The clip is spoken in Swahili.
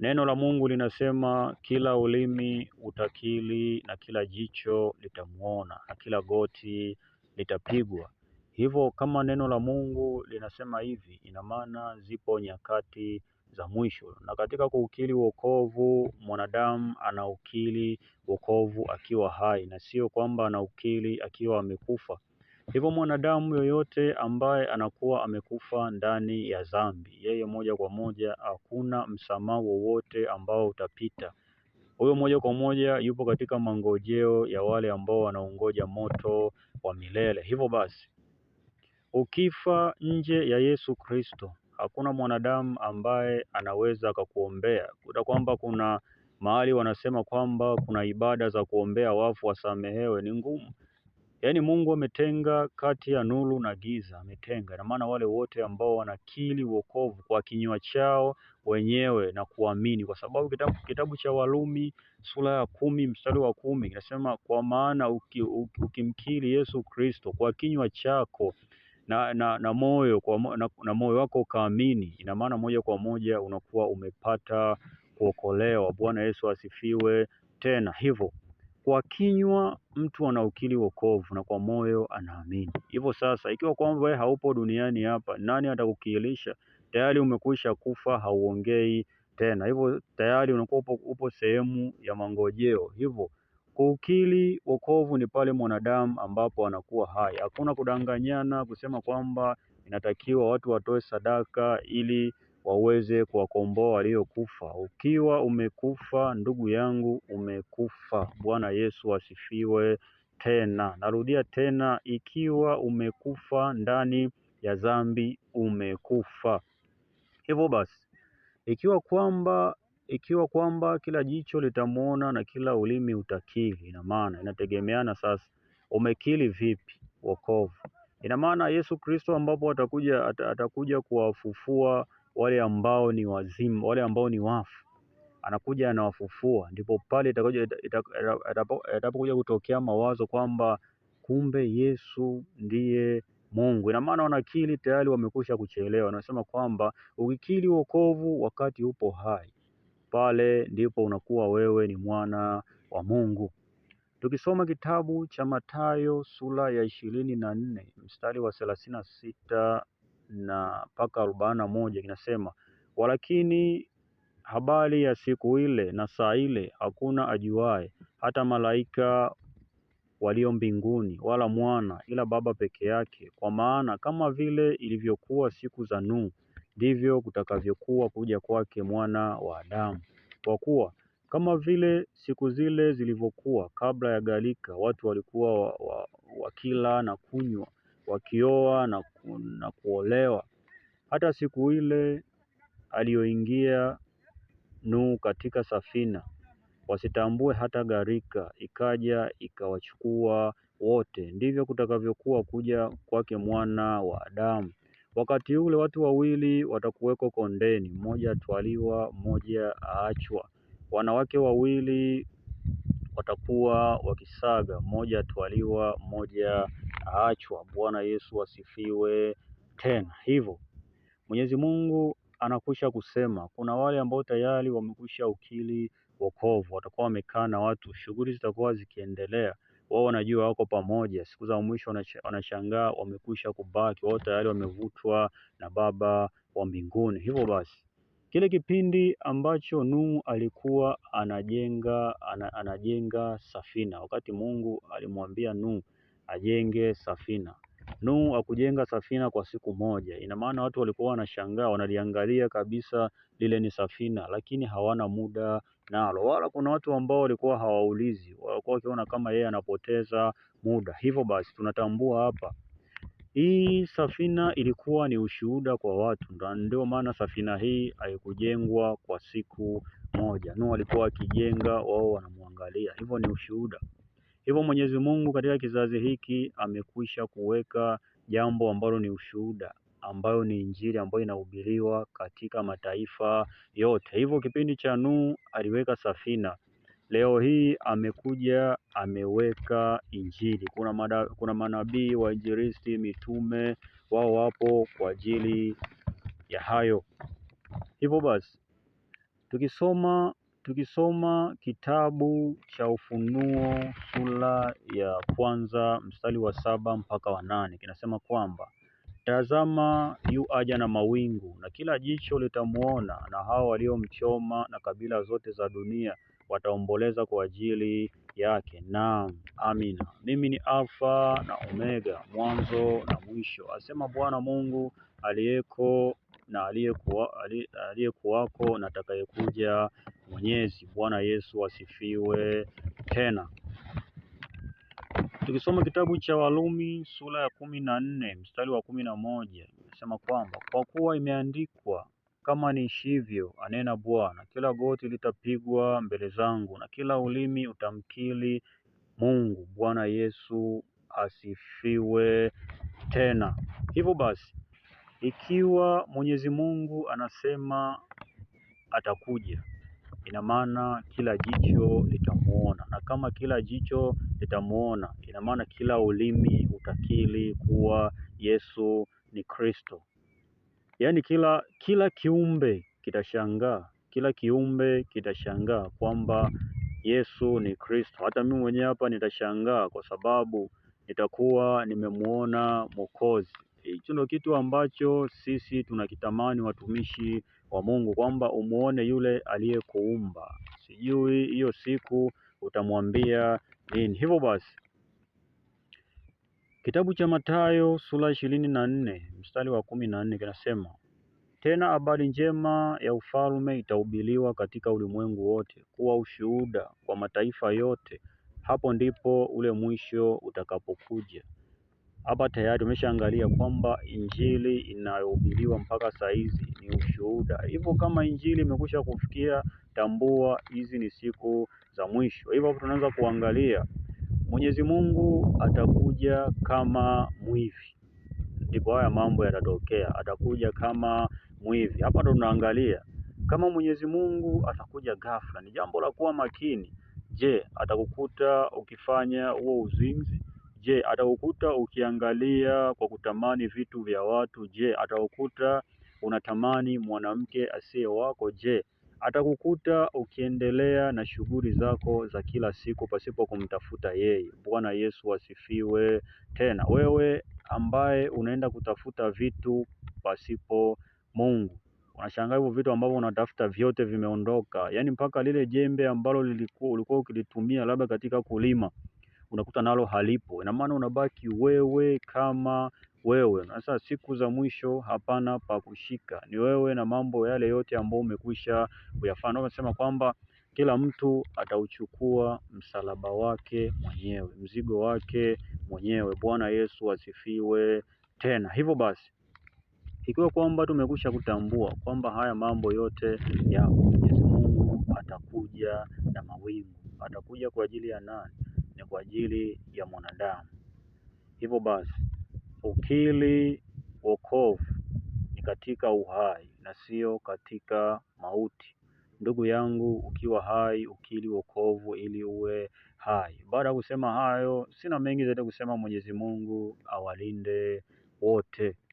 Neno la Mungu linasema kila ulimi utakili na kila jicho litamwona na kila goti litapigwa. Hivyo kama neno la Mungu linasema hivi, ina maana zipo nyakati za mwisho. Na katika kuukili wokovu, mwanadamu anaukili wokovu akiwa hai, na sio kwamba anaukili akiwa amekufa. Hivyo mwanadamu yoyote ambaye anakuwa amekufa ndani ya dhambi, yeye moja kwa moja hakuna msamaha wowote ambao utapita. Huyo moja kwa moja yupo katika mangojeo ya wale ambao wanaongoja moto wa milele. Hivyo basi, ukifa nje ya Yesu Kristo, hakuna mwanadamu ambaye anaweza akakuombea. Kuta kwamba kuna mahali wanasema kwamba kuna ibada za kuombea wafu wasamehewe, ni ngumu. Yaani Mungu ametenga kati ya nuru na giza, ametenga. Ina maana wale wote ambao wanakiri wokovu kwa kinywa chao wenyewe na kuamini, kwa sababu kitabu, kitabu cha Warumi sura ya kumi mstari wa kumi inasema kwa maana uki, uki, ukimkiri Yesu Kristo kwa kinywa chako na, na, na moyo kwa, na, na moyo wako ukaamini, ina maana moja kwa moja unakuwa umepata kuokolewa. Bwana Yesu asifiwe tena hivyo kwa kinywa mtu anaukiri wokovu na kwa moyo anaamini. Hivyo sasa, ikiwa kwamba wewe haupo duniani hapa, nani atakukilisha? Tayari umekwisha kufa, hauongei tena, hivyo tayari unakuwa upo, upo sehemu ya mangojeo. Hivyo kuukili wokovu ni pale mwanadamu ambapo anakuwa hai. Hakuna kudanganyana kusema kwamba inatakiwa watu watoe sadaka ili waweze kuwakomboa waliokufa. Ukiwa umekufa ndugu yangu, umekufa. Bwana Yesu asifiwe. Tena narudia tena, ikiwa umekufa ndani ya dhambi, umekufa. Hivyo basi, ikiwa kwamba ikiwa kwamba kila jicho litamwona na kila ulimi utakiri, ina maana inategemeana sasa, umekiri vipi wokovu. Ina maana Yesu Kristo ambapo atakuja atakuja kuwafufua wale ambao ni wazimu, wale ambao ni wafu, anakuja anawafufua. Ndipo pale itakapokuja kutokea mawazo kwamba kumbe Yesu ndiye Mungu. Ina maana wanakili tayari wamekusha kuchelewa. Wanasema kwamba ukikili wokovu wakati upo hai, pale ndipo unakuwa wewe ni mwana wa Mungu. Tukisoma kitabu cha Mathayo sura ya ishirini na nne mstari wa thelathini na sita na mpaka arobaini na moja kinasema walakini habari ya siku ile na saa ile hakuna ajuae, hata malaika walio mbinguni, wala mwana, ila Baba peke yake. Kwa maana kama vile ilivyokuwa siku za Nuhu, ndivyo kutakavyokuwa kuja kwake Mwana wa Adamu. Kwa kuwa kama vile siku zile zilivyokuwa kabla ya gharika, watu walikuwa wakila wa, wa na kunywa wakioa na, ku, na kuolewa. Hata siku ile aliyoingia Nuhu katika safina, wasitambue hata gharika, ikaja ikawachukua wote. Ndivyo kutakavyokuwa kuja kwake mwana wa Adamu. Wakati ule watu wawili watakuweko kondeni, mmoja atwaliwa, mmoja aachwa. Wanawake wawili watakuwa wakisaga, mmoja atwaliwa, mmoja ataachwa. Bwana Yesu asifiwe. Tena hivyo Mwenyezi Mungu anakwisha kusema kuna wale ambao tayari wamekwisha ukili wokovu, watakuwa wamekaa na watu, shughuli zitakuwa zikiendelea, wao wanajua wako pamoja. Siku za mwisho wanashangaa wamekwisha kubaki, wao tayari wamevutwa na Baba wa mbinguni. Hivyo basi kile kipindi ambacho Nuhu alikuwa anajenga anajenga safina, wakati Mungu alimwambia Nuhu ajenge safina. Nuhu hakujenga safina kwa siku moja. Ina maana watu walikuwa wanashangaa, wanaliangalia kabisa lile ni safina, lakini hawana muda nalo, wala kuna watu ambao walikuwa hawaulizi, walikuwa wakiona kama yeye anapoteza muda. Hivyo basi tunatambua hapa hii safina ilikuwa ni ushuhuda kwa watu, ndio maana safina hii haikujengwa kwa siku moja. Nuhu alikuwa akijenga, wao wanamwangalia, hivyo ni ushuhuda. Hivyo Mwenyezi Mungu katika kizazi hiki amekwisha kuweka jambo ambalo ni ushuhuda, ambayo ni Injili ambayo inahubiriwa katika mataifa yote. Hivyo kipindi cha Nuhu aliweka safina, leo hii amekuja ameweka Injili. Kuna, mada, kuna manabii, wainjilisti, mitume, wao wapo kwa ajili ya hayo. Hivyo basi tukisoma Tukisoma kitabu cha Ufunuo sura ya kwanza mstari wa saba mpaka wa nane kinasema kwamba tazama, yu aja na mawingu, na kila jicho litamwona, na hao waliomchoma, na kabila zote za dunia wataomboleza kwa ajili yake. Naam, amina. Mimi ni Alfa na Omega, mwanzo na mwisho, asema Bwana Mungu aliyeko na aliyekuwako na atakayekuja Mwenyezi. Bwana Yesu asifiwe. Tena tukisoma kitabu cha Walumi sura ya kumi na nne mstari wa kumi na moja inasema kwamba kwa kuwa imeandikwa, kama niishivyo, anena Bwana, kila goti litapigwa mbele zangu na kila ulimi utamkiri Mungu. Bwana Yesu asifiwe. Tena hivyo basi ikiwa Mwenyezi Mungu anasema atakuja, ina maana kila jicho litamuona, na kama kila jicho litamuona, ina maana kila ulimi utakili kuwa Yesu ni Kristo. Yaani kila kila kiumbe kitashangaa, kila kiumbe kitashangaa kwamba Yesu ni Kristo. Hata mimi mwenyewe hapa nitashangaa kwa sababu nitakuwa nimemuona Mwokozi. Eh, hicho ndio kitu ambacho sisi tunakitamani watumishi wa Mungu, kwamba umuone yule aliyekuumba. Sijui hiyo siku utamwambia nini. Hivyo basi kitabu cha Mathayo sura ishirini na nne mstari wa kumi na nne kinasema tena habari njema ya ufalme itahubiriwa katika ulimwengu wote kuwa ushuhuda kwa mataifa yote, hapo ndipo ule mwisho utakapokuja. Hapa tayari umeshaangalia kwamba injili inayohubiriwa mpaka saa hizi ni ushuhuda. Hivyo kama injili imekwisha kufikia, tambua hizi ni siku za mwisho. Hivyo hapo tunaanza kuangalia Mwenyezi Mungu atakuja kama mwivi, ndipo haya mambo yatatokea. Atakuja kama mwivi. Hapa ndo tunaangalia kama Mwenyezi Mungu atakuja ghafla, ni jambo la kuwa makini. Je, atakukuta ukifanya huo uzinzi? Je, atakukuta ukiangalia kwa kutamani vitu vya watu? Je, atakukuta unatamani mwanamke asiye wako? Je, atakukuta ukiendelea na shughuli zako za kila siku pasipo kumtafuta yeye. Bwana Yesu asifiwe. Tena wewe ambaye unaenda kutafuta vitu pasipo Mungu, unashangaa hivyo vitu ambavyo unatafuta vyote vimeondoka, yaani mpaka lile jembe ambalo lilikuwa ulikuwa ukilitumia labda katika kulima unakuta nalo halipo, ina maana unabaki wewe kama wewe. Sasa siku za mwisho hapana pa kushika, ni wewe na mambo yale yote ambayo umekwisha kuyafanya. Ndio kwamba kila mtu atauchukua msalaba wake mwenyewe, mzigo wake mwenyewe. Bwana Yesu asifiwe. Tena hivyo basi, ikiwa kwamba tumekwisha kutambua kwamba haya mambo yote ya Mwenyezi Mungu atakuja na mawingu, atakuja kwa ajili ya nani? ni kwa ajili ya mwanadamu. Hivyo basi, ukili wokovu ni katika uhai na sio katika mauti. Ndugu yangu, ukiwa hai ukili wokovu ili uwe hai. Baada ya kusema hayo, sina mengi zaidi kusema. Mwenyezi Mungu awalinde wote.